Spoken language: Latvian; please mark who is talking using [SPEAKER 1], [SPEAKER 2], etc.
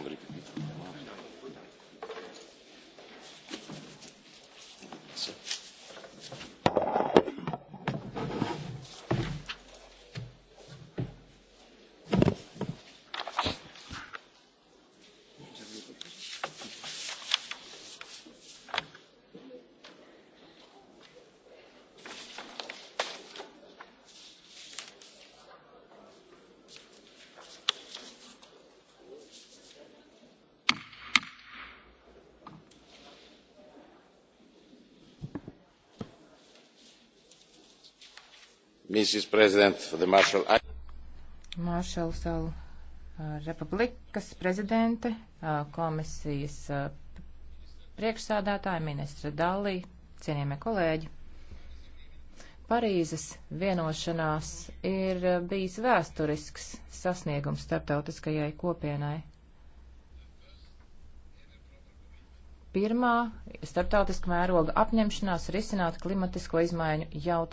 [SPEAKER 1] hungry people.
[SPEAKER 2] Mrs.
[SPEAKER 3] President of the Marshall Islands.
[SPEAKER 4] Maršalu salu uh, republikas prezidente, uh, komisijas uh, priekšsādātāja ministra Dallī, cienījamie kolēģi. Parīzes vienošanās ir bijis vēsturisks sasniegums starptautiskajai kopienai. Pirmā starptautiska mēroga apņemšanās risināt klimatisko izmaiņu jautājumu.